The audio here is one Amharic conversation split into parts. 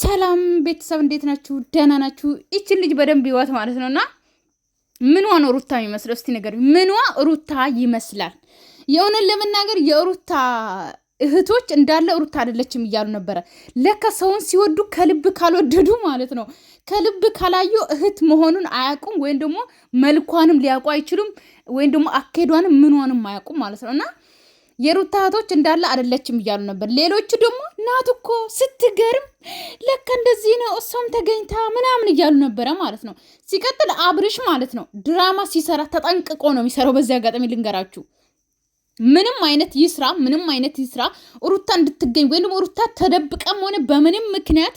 ሰላም ቤተሰብ እንዴት ናችሁ? ደህና ናችሁ? ይችን ልጅ በደንብ ይዋት ማለት ነው። እና ምንዋ ነው ሩታ የሚመስለው? እስቲ ነገር ምንዋ ሩታ ይመስላል? የእውነት ለመናገር የሩታ እህቶች እንዳለ ሩታ አይደለችም እያሉ ነበረ። ለካ ሰውን ሲወዱ ከልብ ካልወደዱ ማለት ነው ከልብ ካላዩ እህት መሆኑን አያውቁም፣ ወይም ደግሞ መልኳንም ሊያውቁ አይችሉም፣ ወይም ደግሞ አካሄዷንም ምንዋንም አያውቁም ማለት ነው እና የሩታ እህቶች እንዳለ አይደለችም እያሉ ነበር። ሌሎቹ ደግሞ ናት እኮ ስትገርም፣ ለካ እንደዚህ ነው እሷም ተገኝታ ምናምን እያሉ ነበረ ማለት ነው። ሲቀጥል አብርሽ ማለት ነው ድራማ ሲሰራ ተጠንቅቆ ነው የሚሰራው። በዚህ አጋጣሚ ልንገራችሁ ምንም አይነት ይስራ ምንም አይነት ይስራ ሩታ እንድትገኝ ወይም ደግሞ ሩታ ተደብቀም ሆነ በምንም ምክንያት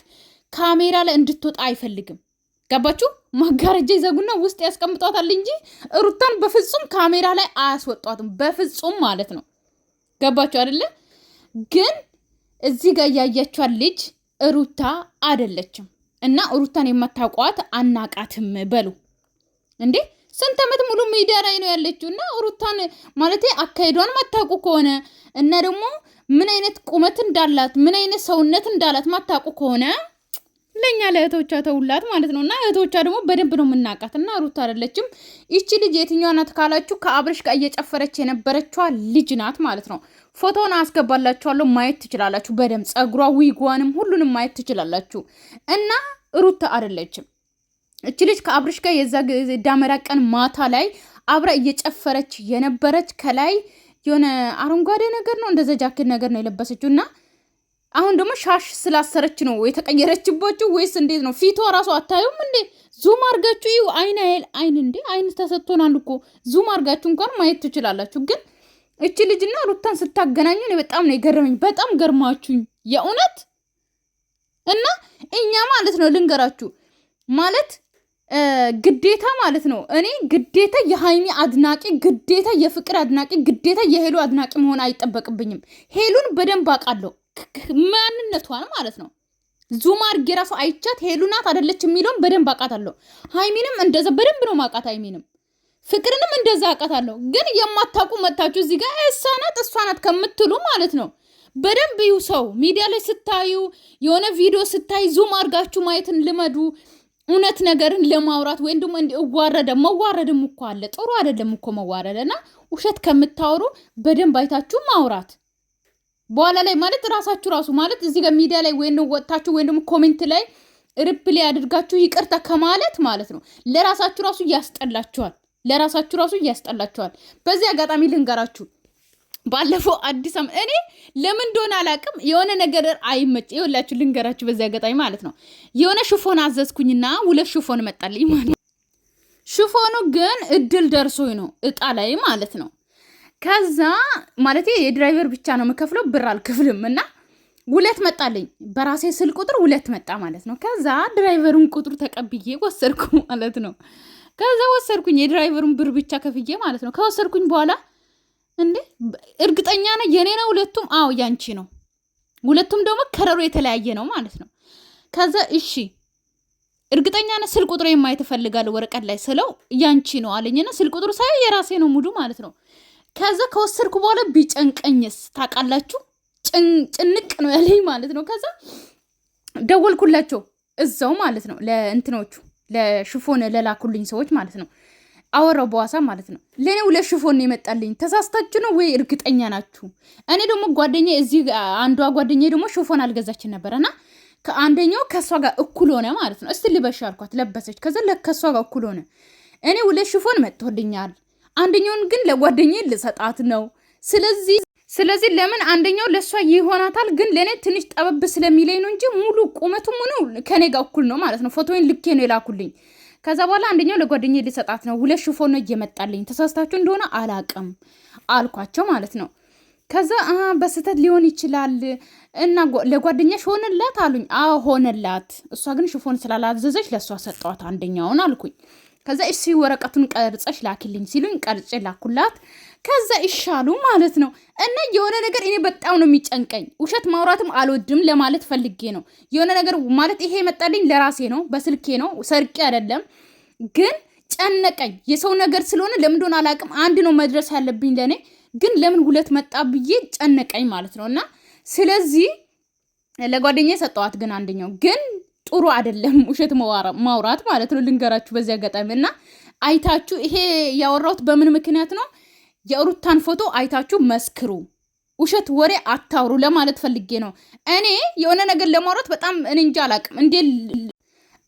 ካሜራ ላይ እንድትወጣ አይፈልግም። ገባችሁ? መጋረጃ ይዘጉና ውስጥ ያስቀምጧታል እንጂ ሩታን በፍጹም ካሜራ ላይ አያስወጧትም። በፍጹም ማለት ነው። ገባችሁ አደለ? ግን እዚህ ጋር እያያችኋት ልጅ ሩታ አይደለችም። እና ሩታን የማታውቋት አናቃትም በሉ እንዴ። ስንት ዓመት ሙሉ ሚዲያ ላይ ነው ያለችው። እና ሩታን ማለት አካሄዷን ማታውቁ ከሆነ እና ደግሞ ምን አይነት ቁመት እንዳላት ምን አይነት ሰውነት እንዳላት ማታውቁ ከሆነ ለእኛ ለእህቶቿ ተውላት ማለት ነው። እና እህቶቿ ደግሞ በደንብ ነው የምናውቃት። እና ሩት አይደለችም ይቺ ልጅ የትኛዋ ናት ካላችሁ ከአብርሽ ጋር እየጨፈረች የነበረችዋ ልጅ ናት ማለት ነው። ፎቶውን አስገባላችኋለሁ ማየት ትችላላችሁ። በደንብ ጸጉሯ፣ ዊጓንም ሁሉንም ማየት ትችላላችሁ። እና ሩት አይደለችም እቺ ልጅ ከአብርሽ ጋር የዛ ዳመራ ቀን ማታ ላይ አብራ እየጨፈረች የነበረች ከላይ የሆነ አረንጓዴ ነገር ነው እንደዛ ጃኬት ነገር ነው የለበሰችው እና አሁን ደግሞ ሻሽ ስላሰረች ነው የተቀየረችባችሁ ወይስ እንዴት ነው? ፊቷ ራሱ አታዩም እንዴ? ዙም አርጋችሁ ይሁ አይን አይል አይን እንዴ አይን ተሰጥቶናል እኮ ዙም አርጋችሁ እንኳን ማየት ትችላላችሁ። ግን እቺ ልጅና ሩታን ስታገናኙ እኔ በጣም ነው የገረመኝ። በጣም ገርማችሁኝ የእውነት እና እኛ ማለት ነው ልንገራችሁ ማለት ግዴታ ማለት ነው። እኔ ግዴታ የሀይሚ አድናቂ፣ ግዴታ የፍቅር አድናቂ፣ ግዴታ የሄሉ አድናቂ መሆን አይጠበቅብኝም። ሄሉን በደንብ አውቃለሁ፣ ማንነቷን ማለት ነው። ዙም አድርጌ ራሱ አይቻት ሄሉ ናት አይደለች የሚለውን በደንብ አውቃታለሁ። ሀይሚንም እንደዛ በደንብ ነው ማውቃት። ሀይሚንም ፍቅርንም እንደዛ አውቃታለሁ። ግን የማታውቁ መታችሁ እዚህ ጋር እሷ ናት እሷ ናት ከምትሉ ማለት ነው በደንብ ይው ሰው ሚዲያ ላይ ስታዩ የሆነ ቪዲዮ ስታይ ዙም አድርጋችሁ ማየትን ልመዱ። እውነት ነገርን ለማውራት ወይም ደግሞ እንዲዋረደ መዋረድም እኮ አለ። ጥሩ አይደለም እኮ መዋረድ እና ውሸት ከምታወሩ በደንብ አይታችሁ ማውራት በኋላ ላይ ማለት ራሳችሁ ራሱ ማለት እዚህ ጋር ሚዲያ ላይ ወይም ወጥታችሁ ወይም ደግሞ ኮሜንት ላይ ሪፕሌይ አድርጋችሁ ይቅርታ ከማለት ማለት ነው ለራሳችሁ ራሱ እያስጠላችኋል። ለራሳችሁ ራሱ እያስጠላችኋል። በዚህ አጋጣሚ ልንገራችሁ ባለፈው አዲስ አመት እኔ ለምን እንደሆነ አላውቅም፣ የሆነ ነገር አይመጭ ይኸውላችሁ፣ ልንገራችሁ በዚህ አጋጣሚ ማለት ነው። የሆነ ሽፎን አዘዝኩኝና ሁለት ሽፎን መጣልኝ ማለት ነው። ሽፎኑ ግን እድል ደርሶኝ ነው እጣ ላይ ማለት ነው። ከዛ ማለት የድራይቨር ብቻ ነው የምከፍለው ብር አልክፍልም እና ሁለት መጣልኝ በራሴ ስል ቁጥር ሁለት መጣ ማለት ነው። ከዛ ድራይቨሩን ቁጥር ተቀብዬ ወሰድኩ ማለት ነው። ከዛ ወሰድኩኝ የድራይቨሩን ብር ብቻ ከፍዬ ማለት ነው። ከወሰድኩኝ በኋላ እንዴ እርግጠኛ ነ የኔ ነው ሁለቱም። አዎ ያንቺ ነው ሁለቱም፣ ደግሞ ከረሩ የተለያየ ነው ማለት ነው። ከዚ እሺ እርግጠኛ ነ ስልክ ቁጥር የማየት እፈልጋለሁ ወረቀት ላይ ስለው ያንቺ ነው አለኝና ስልክ ቁጥሩ ሳይ የራሴ ነው ሙሉ ማለት ነው። ከዛ ከወሰድኩ በኋላ ቢጨንቀኝስ ታውቃላችሁ፣ ጭንቅ ነው ያለኝ ማለት ነው። ከዛ ደወልኩላቸው እዛው ማለት ነው ለእንትኖቹ ለሽፎን ለላኩልኝ ሰዎች ማለት ነው። አወራው በዋሳ ማለት ነው። ለእኔ ሁለት ሽፎን ነው የመጣልኝ። ተሳስታችሁ ነው ወይ እርግጠኛ ናችሁ? እኔ ደግሞ ጓደኛ እዚህ አንዷ ጓደኛ ደግሞ ሽፎን አልገዛችን ነበረና ከአንደኛው ከእሷ ጋር እኩል ሆነ ማለት ነው። እስቲ ልበሽ አልኳት፣ ለበሰች። ከዛ ከእሷ ጋር እኩል ሆነ። እኔ ሁለት ሽፎን መጥቶልኛል፣ አንደኛውን ግን ለጓደኛ ልሰጣት ነው። ስለዚህ ስለዚህ ለምን አንደኛው ለእሷ ይሆናታል፣ ግን ለእኔ ትንሽ ጠበብ ስለሚለኝ ነው እንጂ ሙሉ ቁመቱም ሆኖ ከኔ ጋር እኩል ነው ማለት ነው። ፎቶዬን ልኬ ነው የላኩልኝ። ከዛ በኋላ አንደኛው ለጓደኛ ሊሰጣት ነው። ሁለት ሽፎን ነው እየመጣልኝ ተሳስታችሁ እንደሆነ አላቅም አልኳቸው ማለት ነው። ከዛ በስህተት ሊሆን ይችላል እና ለጓደኛሽ ሆነላት አሉኝ። አዎ ሆነላት። እሷ ግን ሽፎን ስላላዘዘች ለእሷ ሰጠዋት አንደኛውን አልኩኝ። ከዛ እሺ ወረቀቱን ቀርጸሽ ላኪልኝ ሲሉኝ ቀርጬ ላኩላት። ከዛ ይሻሉ ማለት ነው። እና የሆነ ነገር እኔ በጣም ነው የሚጨንቀኝ። ውሸት ማውራትም አልወድም ለማለት ፈልጌ ነው። የሆነ ነገር ማለት ይሄ መጣልኝ ለራሴ ነው፣ በስልኬ ነው፣ ሰርቄ አይደለም። ግን ጨነቀኝ። የሰው ነገር ስለሆነ ለምን እንደሆነ አላውቅም። አንድ ነው መድረስ ያለብኝ ለእኔ፣ ግን ለምን ሁለት መጣ ብዬ ጨነቀኝ ማለት ነው። እና ስለዚህ ለጓደኛ ሰጠዋት። ግን አንደኛው ግን ጥሩ አይደለም፣ ውሸት ማውራት ማለት ነው። ልንገራችሁ በዚህ አጋጣሚ እና አይታችሁ ይሄ ያወራሁት በምን ምክንያት ነው? የሩታን ፎቶ አይታችሁ መስክሩ። ውሸት ወሬ አታውሩ ለማለት ፈልጌ ነው። እኔ የሆነ ነገር ለማውራት በጣም እንጃ አላቅም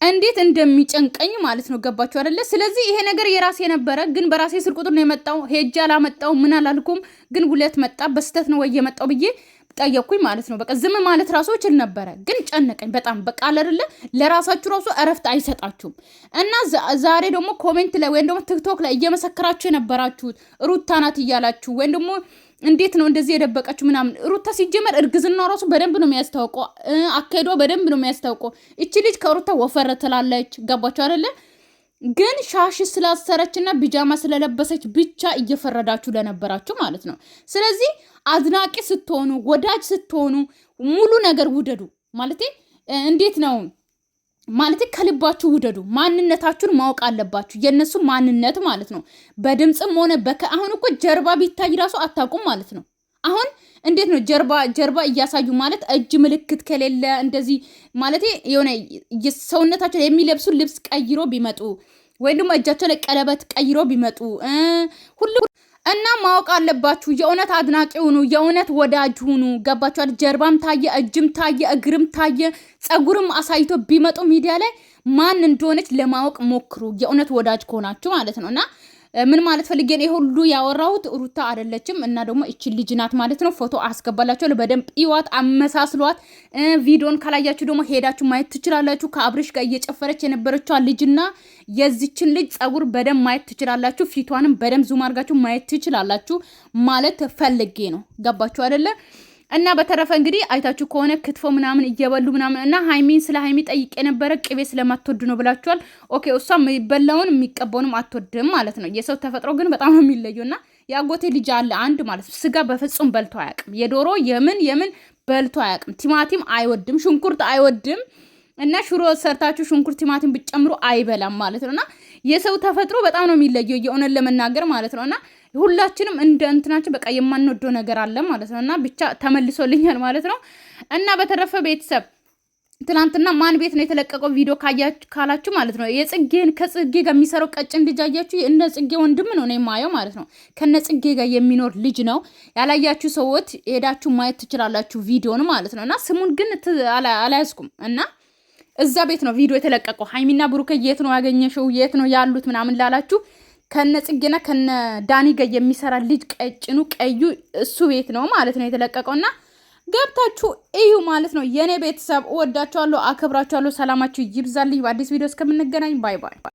እንዴት እንደሚጨንቀኝ ማለት ነው። ገባችሁ አደለ ስለዚህ ይሄ ነገር የራሴ ነበረ፣ ግን በራሴ ስልክ ቁጥር ነው የመጣው። ሄጃ አላመጣው ምን አላልኩም፣ ግን ሁለት መጣ በስተት ነው ወይ የመጣው ብዬ ጠየቅኩኝ ማለት ነው። በቃ ዝም ማለት ራሱ እችል ነበረ፣ ግን ጨነቀኝ በጣም በቃ አለርለ ለራሳችሁ ራሱ እረፍት አይሰጣችሁም። እና ዛሬ ደግሞ ኮሜንት ላይ ወይም ደግሞ ቲክቶክ ላይ እየመሰከራችሁ የነበራችሁት ሩታ ናት እያላችሁ ወይም ደግሞ እንዴት ነው እንደዚህ የደበቀችው ምናምን። ሩታ ሲጀመር እርግዝና ራሱ በደንብ ነው የሚያስታውቀው፣ አካሄዷ በደንብ ነው የሚያስታውቀው። እቺ ልጅ ከሩታ ወፈረ ትላለች። ገባችሁ አይደለ? ግን ሻሽ ስላሰረች እና ቢጃማ ስለለበሰች ብቻ እየፈረዳችሁ ለነበራችሁ ማለት ነው። ስለዚህ አድናቂ ስትሆኑ፣ ወዳጅ ስትሆኑ ሙሉ ነገር ውደዱ ማለት እንዴት ነው ማለት ከልባችሁ ውደዱ። ማንነታችሁን ማወቅ አለባችሁ፣ የእነሱ ማንነት ማለት ነው። በድምፅም ሆነ በከ አሁን እኮ ጀርባ ቢታይ ራሱ አታውቁም ማለት ነው። አሁን እንዴት ነው ጀርባ ጀርባ እያሳዩ ማለት እጅ ምልክት ከሌለ እንደዚህ ማለት የሆነ ሰውነታቸው የሚለብሱ ልብስ ቀይሮ ቢመጡ ወይም ደግሞ እጃቸው ላይ ቀለበት ቀይሮ ቢመጡ ሁሉ እና ማወቅ አለባችሁ። የእውነት አድናቂ ሁኑ፣ የእውነት ወዳጅ ሁኑ። ገባችኋል? ጀርባም ታየ፣ እጅም ታየ፣ እግርም ታየ፣ ጸጉርም አሳይቶ ቢመጡ ሚዲያ ላይ ማን እንደሆነች ለማወቅ ሞክሩ። የእውነት ወዳጅ ከሆናችሁ ማለት ነው እና ምን ማለት ፈልጌ ነው ሁሉ ያወራሁት? ሩታ አይደለችም እና ደግሞ እቺ ልጅ ናት ማለት ነው። ፎቶ አስገባላችሁ በደንብ ይዋት፣ አመሳስሏት። ቪዲዮን ካላያችሁ ደግሞ ሄዳችሁ ማየት ትችላላችሁ። ከአብርሽ ጋር እየጨፈረች የነበረችዋ ልጅና የዚችን ልጅ ጸጉር በደንብ ማየት ትችላላችሁ። ፊቷንም በደንብ ዙም አድርጋችሁ ማየት ትችላላችሁ ማለት ፈልጌ ነው። ገባችሁ አይደለ? እና በተረፈ እንግዲህ አይታችሁ ከሆነ ክትፎ ምናምን እየበሉ ምናምን እና ሀይሚን ስለ ሀይሚ ጠይቄ የነበረ ቅቤ ስለማትወድ ነው ብላችኋል። ኦኬ እሷ የሚበላውን የሚቀባውንም አትወድም ማለት ነው። የሰው ተፈጥሮ ግን በጣም ነው የሚለየው። እና የአጎቴ ልጅ አለ አንድ ማለት ነው። ስጋ በፍጹም በልቶ አያውቅም። የዶሮ የምን የምን በልቶ አያውቅም። ቲማቲም አይወድም፣ ሽንኩርት አይወድም። እና ሽሮ ሰርታችሁ ሽንኩርት ቲማቲም ብትጨምሩ አይበላም ማለት ነው። እና የሰው ተፈጥሮ በጣም ነው የሚለየው የእውነት ለመናገር ማለት ነው እና ሁላችንም እንደ እንትናችን በቃ የማንወደው ነገር አለ ማለት ነው። እና ብቻ ተመልሶልኛል ማለት ነው። እና በተረፈ ቤተሰብ ትናንትና ማን ቤት ነው የተለቀቀው ቪዲዮ ካላችሁ ማለት ነው የጽጌን ከጽጌ ጋር የሚሰራው ቀጭን ልጅ አያችሁ። እነ ጽጌ ወንድም ነው እኔ የማየው ማለት ነው። ከነ ጽጌ ጋር የሚኖር ልጅ ነው። ያላያችሁ ሰዎች ሄዳችሁ ማየት ትችላላችሁ ቪዲዮን ማለት ነው። እና ስሙን ግን አላያዝኩም እና እዛ ቤት ነው ቪዲዮ የተለቀቀው። ሀይሚና ብሩከ የት ነው ያገኘሽው? የት ነው ያሉት ምናምን ላላችሁ ከነ ጽጌና ከነ ዳኒ ጋር የሚሰራ ልጅ ቀጭኑ ቀዩ እሱ ቤት ነው ማለት ነው የተለቀቀውና ገብታችሁ እዩ ማለት ነው። የእኔ ቤተሰብ እወዳችኋለሁ፣ አከብራችኋለሁ። ሰላማችሁ ይብዛልኝ። በአዲስ ቪዲዮ እስከምንገናኝ ባይ ባይ።